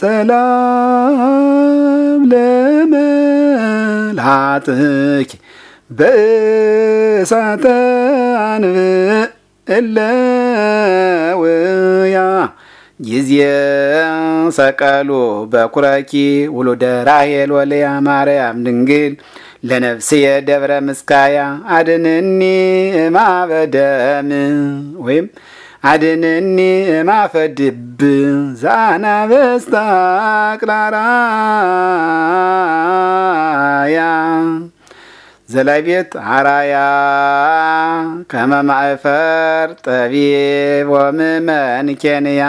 ሰላም ለመላጥኪ በእሳተ አንብዕ ውያ ጊዜ ሰቀሉ በኩረኪ ውሉደ ራሔል ወለያ ማርያም ድንግል ለነፍስየ ደብረ ምስካያ አድንኒ እማበደም ወይም አድንኒ ማፈድብ ዛና በስታ ቅላራያ ዘላይ አራያ ከመማእፈር ጠቢብ ወምእመን ኬንያ